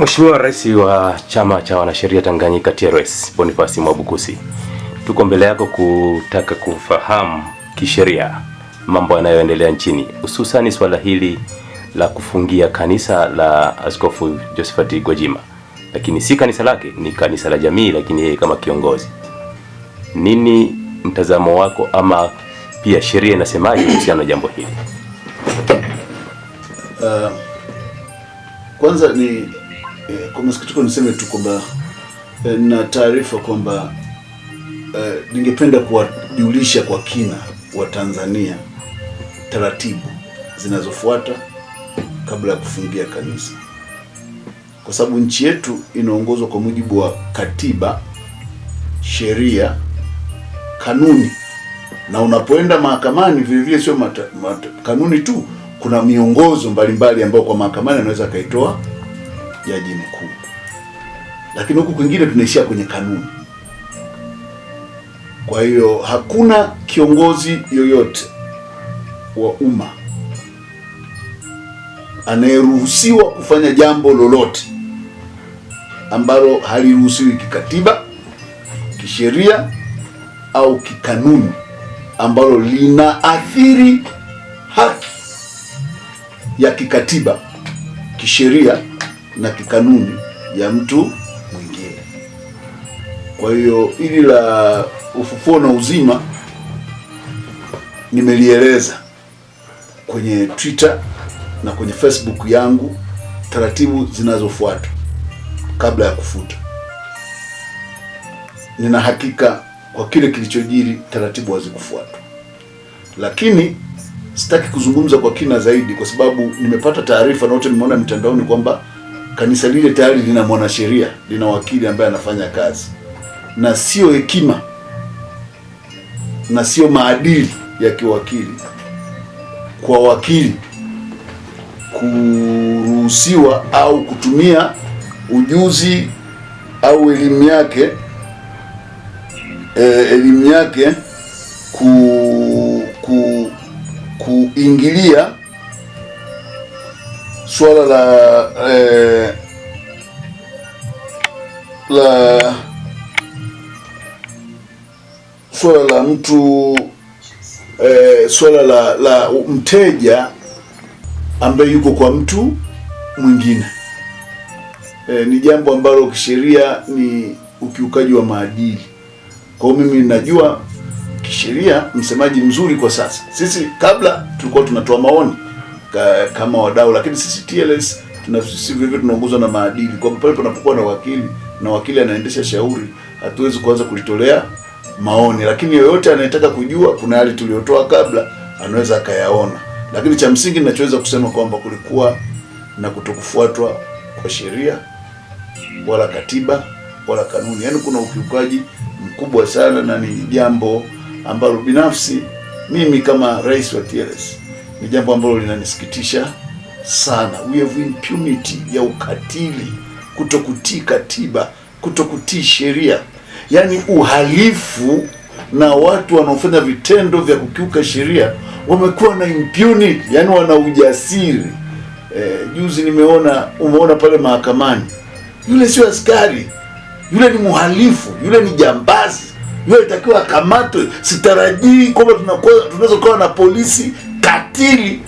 Mheshimiwa Rais wa Chama cha Wanasheria Tanganyika TLS, Boniface Mwabukusi, tuko mbele yako kutaka kufahamu kisheria mambo yanayoendelea nchini, hususani swala hili la kufungia kanisa la Askofu Josephat Gwajima, lakini si kanisa lake, ni kanisa la jamii, lakini yeye kama kiongozi, nini mtazamo wako, ama pia sheria inasemaje kuhusiana na jambo hili? Uh, kwanza ni eh, kwa masikitiko niseme tu kwamba eh, na taarifa kwamba eh, ningependa kuwajulisha kwa kina wa Tanzania taratibu zinazofuata kabla ya kufungia kanisa, kwa sababu nchi yetu inaongozwa kwa mujibu wa katiba, sheria, kanuni na unapoenda mahakamani vile vile, sio kanuni tu, kuna miongozo mbalimbali ambayo kwa mahakamani anaweza akaitoa jaji mkuu, lakini huku kwingine tunaishia kwenye kanuni. Kwa hiyo hakuna kiongozi yoyote wa umma anayeruhusiwa kufanya jambo lolote ambalo haliruhusiwi kikatiba, kisheria au kikanuni ambalo linaathiri haki ya kikatiba, kisheria na kikanuni ya mtu mwingine. Kwa hiyo hili la ufufuo na uzima nimelieleza kwenye Twitter na kwenye Facebook yangu, taratibu zinazofuata kabla ya kufuta. Nina hakika kwa kile kilichojiri, taratibu hazikufuatwa, lakini sitaki kuzungumza kwa kina zaidi, kwa sababu nimepata taarifa na wote nimeona mitandaoni kwamba kanisa lile tayari lina mwanasheria, lina wakili ambaye anafanya kazi, na sio hekima na sio maadili ya kiwakili kwa wakili kuruhusiwa au kutumia ujuzi au elimu yake eh, elimu yake ku, ku, kuingilia suala la eh, la suala la mtu eh, suala la la mteja ambaye yuko kwa mtu mwingine eh, ni jambo ambalo kisheria ni ukiukaji wa maadili. Kwa hiyo mimi najua kisheria msemaji mzuri kwa sasa. Sisi kabla tulikuwa tunatoa maoni ka, kama wadau, lakini sisi TLS tuna sisi vivyo tunaongozwa na maadili, kwamba pale panapokuwa na wakili na wakili anaendesha shauri, hatuwezi kuanza kulitolea maoni, lakini yoyote anayetaka kujua, kuna yale tuliyotoa kabla anaweza akayaona. Lakini cha msingi ninachoweza kusema kwamba kulikuwa na kutokufuatwa kwa sheria wala katiba wala kanuni, yaani kuna ukiukaji mkubwa sana, na ni jambo ambalo binafsi mimi kama rais wa TLS ni jambo ambalo linanisikitisha sana. We have impunity ya ukatili, kutokutii katiba, kutokutii sheria, yaani uhalifu na watu wanaofanya vitendo vya kukiuka sheria wamekuwa na impunity, yaani wana ujasiri. e, juzi nimeona, umeona pale mahakamani, yule sio askari, yule ni mhalifu, yule ni jambazi, yule alitakiwa akamatwe. Sitarajii kwamba tunaweza kuwa na polisi katili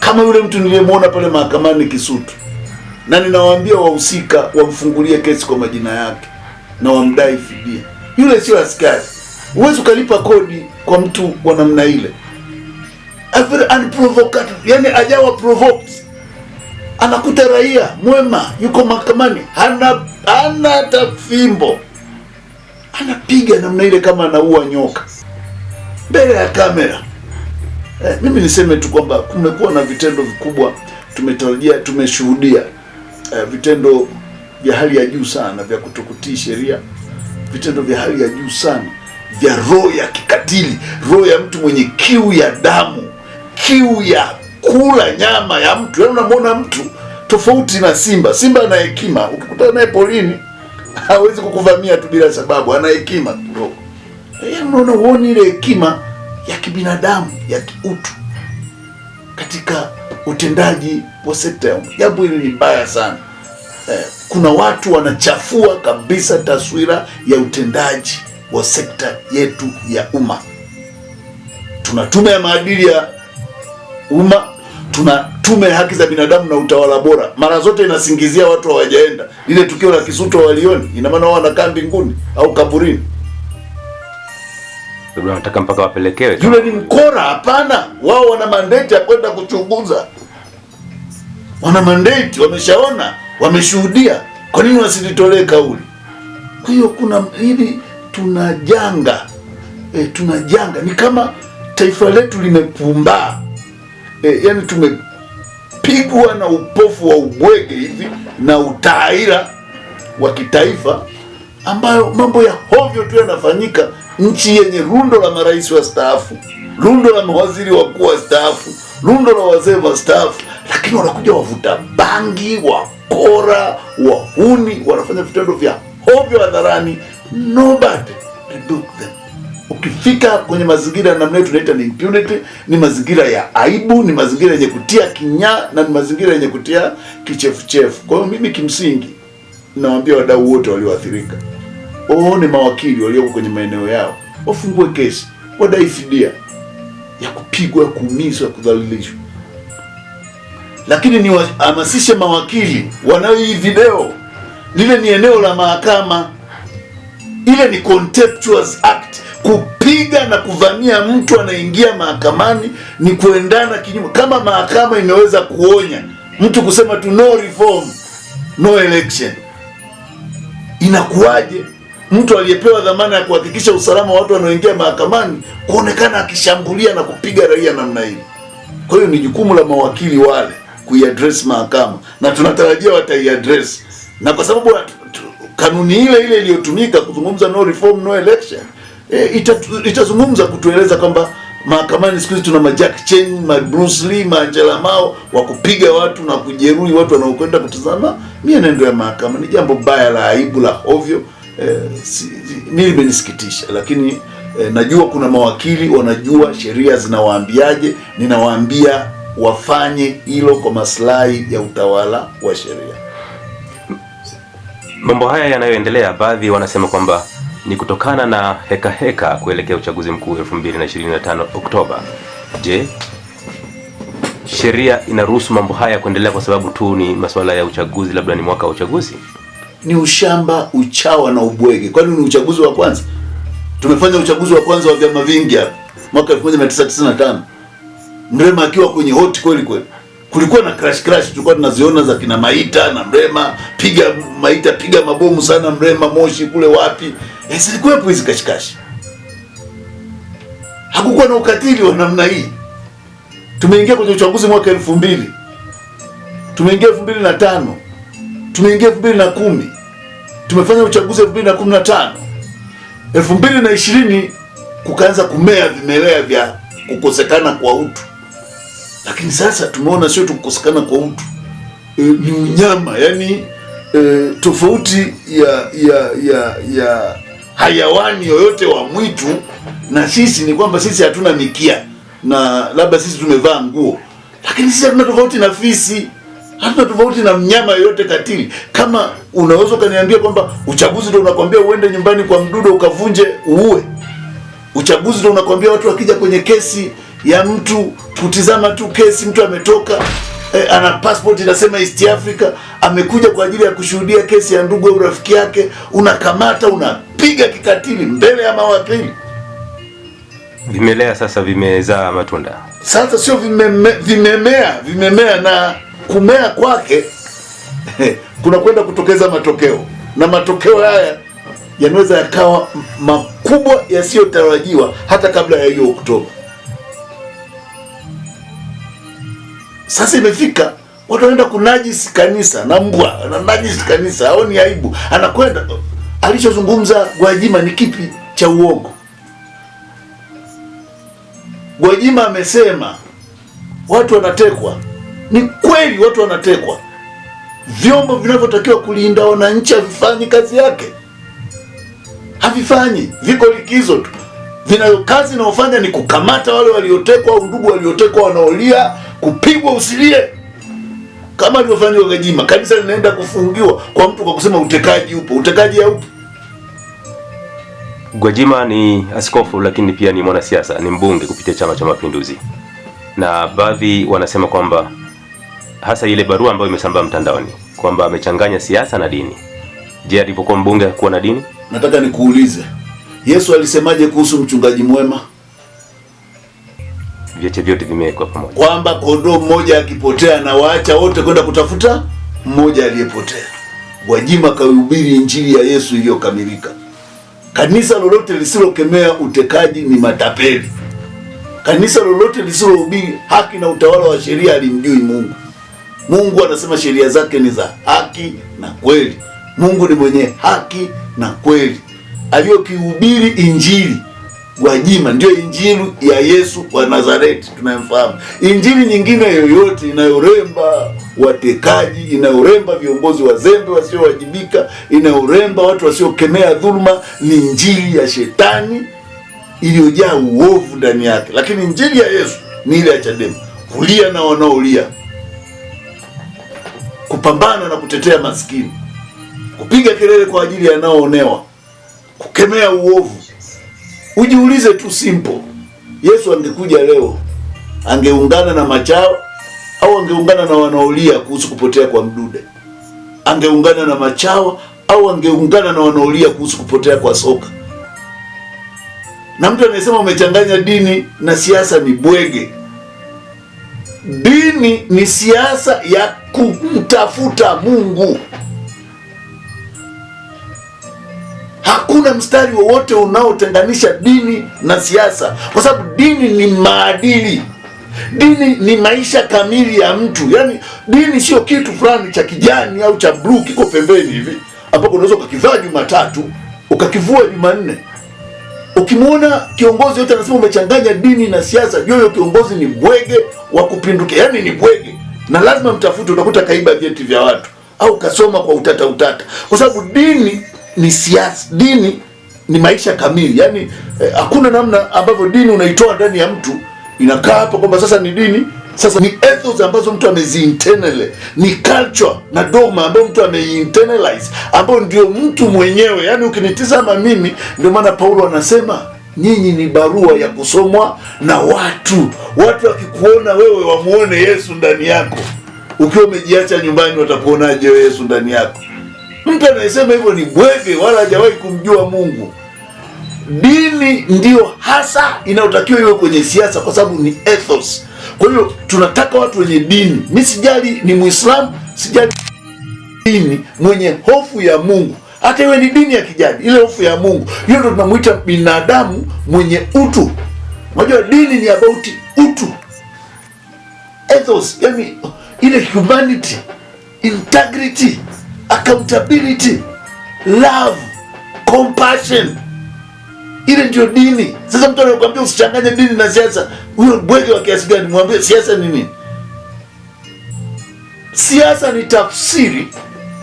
kama yule mtu niliyemwona pale mahakamani Kisutu, na ninawaambia wahusika wamfungulie kesi kwa majina yake na wamdai fidia. Yule sio askari, huwezi ukalipa kodi kwa mtu wa namna ile. Yani ajawa provoked, anakuta raia mwema yuko mahakamani, hana hana hata fimbo, anapiga namna ile kama anaua nyoka mbele ya kamera. Eh, mimi niseme tu kwamba kumekuwa na vitendo vikubwa tumetarajia, tumeshuhudia eh, vitendo vya hali ya juu sana vya kutokutii sheria, vitendo vya hali ya juu sana vya roho ya kikatili, roho ya mtu mwenye kiu ya damu, kiu ya kula nyama ya mtu. Yaani unamwona mtu tofauti na simba. Simba ana hekima, ukikutana naye porini hawezi kukuvamia tu bila sababu, ana hekima kidogo. Eh, yaani unaona, huoni ile hekima ya kibinadamu ya kiutu katika utendaji wa sekta ya jambo hili ni mbaya sana. Eh, kuna watu wanachafua kabisa taswira ya utendaji wa sekta yetu ya umma. Tuna tume ya maadili ya umma, tuna tume ya haki za binadamu na utawala bora, mara zote inasingizia watu hawajaenda. Lile tukio la Kisutu walioni, ina maana wao wanakaa mbinguni au kaburini? Nataka mpaka wapelekewe. Yule ni mkora? Hapana, wao wana mandate ya kwenda kuchunguza, wana mandate, wameshaona, wameshuhudia. Kwa nini wasilitolee kauli? Kwa hiyo kuna hili, tuna janga e, tuna janga. Ni kama taifa letu limepumbaa e, yani tumepigwa na upofu wa ubwege hivi na utaira wa kitaifa ambayo mambo ya hovyo tu yanafanyika, nchi yenye rundo la marais staafu rundo la mawaziri wakuu staafu, rundo la wazee staafu, lakini wanakuja wavuta bangi, wakora, wahuni, wanafanya vitendo vya hovyo hadharani. Nobody rebuke them. Ukifika kwenye mazingira ya namna tunaita ni impunity, ni mazingira ya aibu, ni mazingira yenye kutia kinyaa na ni mazingira yenye kutia kichefuchefu. Kwa hiyo mimi kimsingi nawaambia wadau wote walioathirika, waone mawakili walioko kwenye maeneo yao, wafungue kesi, wadai fidia ya kupigwa, ya kuumizwa, kudhalilishwa. Lakini niwahamasishe mawakili wanayo hii video, lile ni eneo la mahakama, ile ni contemptuous act. Kupiga na kuvamia mtu anaingia mahakamani ni kuendana kinyume. Kama mahakama imeweza kuonya mtu kusema tu no reform no election Inakuwaje mtu aliyepewa dhamana ya kuhakikisha usalama wa watu wanaoingia mahakamani kuonekana akishambulia na kupiga raia namna hii? Kwa hiyo ni jukumu la mawakili wale kuiaddress mahakama na tunatarajia wataiaddress, na kwa sababu kanuni ile ile iliyotumika kuzungumza no reform no election, e, itazungumza kutueleza kwamba mahakamani siku hizi tuna ma Jack Chen, ma Bruce Lee, ma Angela Mao wa kupiga watu na kujeruhi watu wanaokwenda kutazama mienendo ya mahakama. Ni jambo baya la aibu la ovyo. E, si, mimi limenisikitisha, lakini e, najua kuna mawakili wanajua sheria zinawaambiaje. Ninawaambia wafanye hilo kwa maslahi ya utawala wa sheria. Mambo haya yanayoendelea, baadhi wanasema kwamba ni kutokana na heka heka kuelekea uchaguzi mkuu 2025 Oktoba. Je, sheria inaruhusu mambo haya kuendelea kwa sababu tu ni masuala ya uchaguzi, labda ni mwaka wa uchaguzi? Ni ushamba, uchawa na ubwege. Kwani ni uchaguzi wa kwanza? Tumefanya uchaguzi wa kwanza wa vyama vingi hapa mwaka 1995 Mrema akiwa kwenye hoti kweli kweli kulikuwa na crash crash tulikuwa tunaziona za kina Maita na Mrema, piga Maita, piga mabomu sana Mrema, Moshi kule wapi, eh, zilikuwepo hizi kashikashi. Hakukuwa na ukatili wa namna hii. Tumeingia kwenye uchaguzi mwaka elfu mbili tumeingia elfu mbili na tano tumeingia elfu mbili na kumi tumefanya uchaguzi elfu mbili na kumi na tano elfu mbili na ishirini kukaanza kumea vimelea vya kukosekana kwa utu. Lakini sasa tumeona sio tu kukosekana kwa utu e, ni unyama yani e, tofauti ya ya ya ya hayawani yoyote wa mwitu na sisi ni kwamba sisi hatuna mikia na labda sisi tumevaa nguo, lakini sisi hatuna tofauti na fisi, hatuna tofauti na mnyama yoyote katili. Kama unaweza ukaniambia kwamba uchaguzi ndio unakwambia uende nyumbani kwa mdudo ukavunje uue, uchaguzi ndio unakwambia watu wakija kwenye kesi ya mtu kutizama tu kesi, mtu ametoka eh, ana passport inasema East Africa, amekuja kwa ajili ya kushuhudia kesi ya ndugu au rafiki yake, unakamata unapiga kikatili mbele ya mawakili. Vimelea sasa vimezaa matunda sasa, sio vimeme, vimemea vimemea, na kumea kwake kuna kwenda kutokeza matokeo, na matokeo haya yanaweza yakawa makubwa yasiyotarajiwa hata kabla ya hiyo Oktoba. Sasa imefika watu wanaenda kunajisi kanisa na mbwa na najisi kanisa, au ni aibu. Anakwenda alichozungumza Gwajima ni kipi cha uongo? Gwajima amesema watu wanatekwa. Ni kweli watu wanatekwa, vyombo vinavyotakiwa kulinda wananchi havifanyi kazi yake, havifanyi, viko likizo tu. Vinayo kazi inayofanya ni kukamata wale waliotekwa au ndugu waliotekwa wanaolia kupigwa usilie, kama alivyofanywa Gwajima. Kanisa linaenda kufungiwa kwa mtu kwa kusema utekaji upo. Utekaji haupo. Gwajima ni askofu lakini pia ni mwanasiasa, ni mbunge kupitia Chama cha Mapinduzi, na baadhi wanasema kwamba hasa ile barua ambayo imesambaa mtandaoni kwamba amechanganya siasa na dini. Je, alipokuwa mbunge hakuwa na dini? Nataka nikuulize, Yesu alisemaje kuhusu mchungaji mwema? vyote vyote vimewekwa pamoja, kwamba kondoo mmoja akipotea na waacha wote kwenda kutafuta mmoja aliyepotea. Gwajima kahubiri injili ya Yesu iliyokamilika. Kanisa lolote lisilokemea utekaji ni matapeli. Kanisa lolote lisilohubiri haki na utawala wa sheria alimjui Mungu. Mungu anasema sheria zake ni za haki na kweli. Mungu ni mwenye haki na kweli, aliyokihubiri injili Gwajima ndio injili ya Yesu wa Nazareti tunayemfahamu. Injili nyingine yoyote inayoremba watekaji, inayoremba viongozi wazembe wasiowajibika, inayoremba watu wasiokemea dhuluma ni injili ya shetani iliyojaa uovu ndani yake, lakini injili ya Yesu ni ile ya Chadema, kulia na wanaolia, kupambana na kutetea maskini, kupiga kelele kwa ajili ya wanaoonewa, kukemea uovu Ujiulize tu simple, Yesu angekuja leo angeungana na machao au angeungana na wanaolia kuhusu kupotea kwa Mdude? Angeungana na machao au angeungana na wanaolia kuhusu kupotea kwa Soka? Na mtu anayesema umechanganya dini na siasa ni bwege. Dini ni siasa ya kumtafuta Mungu. Hakuna mstari wowote unaotenganisha dini na siasa, kwa sababu dini ni maadili, dini ni maisha kamili ya mtu. Yaani dini sio kitu fulani cha kijani au cha bluu kiko pembeni hivi ambapo unaweza ukakivaa Jumatatu ukakivua Jumanne. Ukimwona kiongozi yote anasema umechanganya dini na siasa, jua huyo kiongozi ni bwege wa kupindukia, yaani ni bwege, na lazima mtafute. Utakuta kaiba vyeti vya watu au kasoma kwa utata utata, kwa sababu dini ni siasa, dini ni maisha kamili. Yani eh, hakuna eh, namna ambavyo dini unaitoa ndani ya mtu inakaa hapo kwamba sasa ni dini. Sasa ni ethos ambazo mtu ameziinternalize, ni culture na dogma ambayo mtu ameinternalize, ambayo ndio mtu mwenyewe. Yani ukinitizama mimi, ndio maana Paulo anasema nyinyi ni barua ya kusomwa na watu. Watu wakikuona wewe, wamuone Yesu ndani yako. Ukiwa umejiacha nyumbani, watakuonaje Yesu ndani yako? Mtu anayesema hivyo ni mwege, wala hajawahi kumjua Mungu. Dini ndiyo hasa inayotakiwa iwe kwenye siasa, kwa sababu ni ethos. Kwa hiyo tunataka watu wenye dini. Mi sijali ni Muislamu, sijali dini, mwenye hofu ya Mungu, hata iwe ni dini ya kijadi, ile hofu ya Mungu, hiyo ndo tunamwita binadamu mwenye utu. Unajua dini ni about utu, ethos, yani ile humanity, integrity accountability, love, compassion. Ile ndio dini. Sasa mtu anakuambia usichanganye dini na siasa, huyo bwege wa kiasi gani? Mwambie siasa ni nini? Siasa ni tafsiri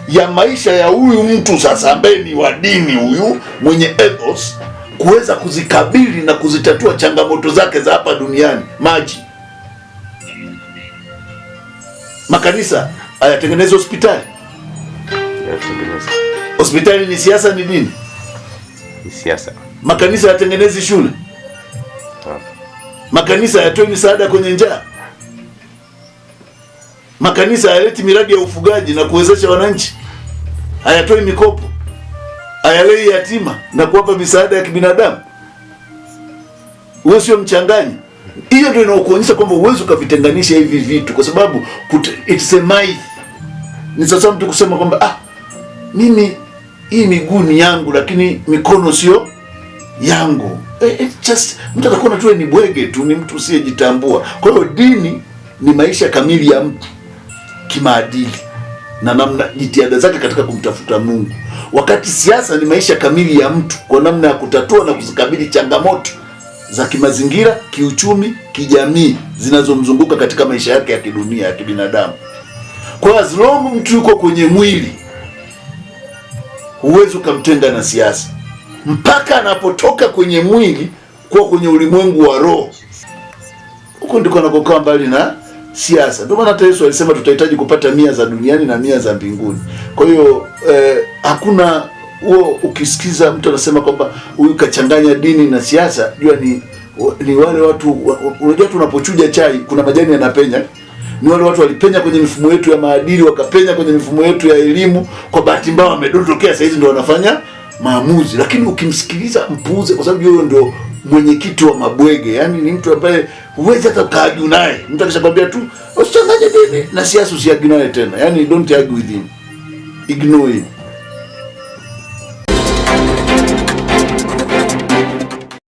ya maisha ya huyu mtu sasa, ambaye ni wa dini, huyu mwenye ethos, kuweza kuzikabili na kuzitatua changamoto zake za hapa duniani. Maji, makanisa hayatengenezi hospitali Yatengeneza. Hospitali ni siasa ni nini? Ni siasa. Makanisa yatengenezi shule. Makanisa yatoe misaada kwenye njaa. Makanisa hayaleti miradi ya ufugaji na kuwezesha wananchi. Hayatoi mikopo. Hayalei yatima na kuwapa misaada ya kibinadamu. Wewe sio mchanganyi. Hiyo ndio inaokuonyesha kwamba uwezi ukavitenganisha hivi vitu kwa sababu it's a myth. Ni sasa mtu kusema kwamba ah mimi hii miguu ni yangu, lakini mikono sio yangu. It eh, eh, just mtu atakuona tu ni bwege tu, ni mtu usiyejitambua. Kwa hiyo dini ni maisha kamili ya mtu kimaadili na namna jitihada zake katika kumtafuta Mungu, wakati siasa ni maisha kamili ya mtu kwa namna ya kutatua na kuzikabili changamoto za kimazingira, kiuchumi, kijamii zinazomzunguka katika maisha yake ya kidunia ya kibinadamu. Kwa as long mtu yuko kwenye mwili huwezi ukamtenga na siasa mpaka anapotoka kwenye mwili kuwa kwenye ulimwengu wa roho. Huko ndiko anakokaa mbali na siasa. Ndio maana hata Yesu alisema tutahitaji kupata mia za duniani na mia za mbinguni. Kwa hiyo eh, hakuna huo. Ukisikiza mtu anasema kwamba huyu kachanganya dini na siasa, jua ni ni wale watu. Unajua, tunapochuja chai kuna majani yanapenya ni wale watu walipenya kwenye mifumo yetu ya maadili, wakapenya kwenye mifumo yetu ya elimu. Kwa bahati mbaya wamedondokea, saa hizi ndio wanafanya maamuzi, lakini ukimsikiliza mpuuze, kwa sababu huyo ndio mwenyekiti wa mabwege, yaani ni mtu ambaye huwezi hata ukaagi naye. Mtu akishakwambia tu usichanganye dini na siasa, usiagi naye tena, yaani don't argue with him, ignore him.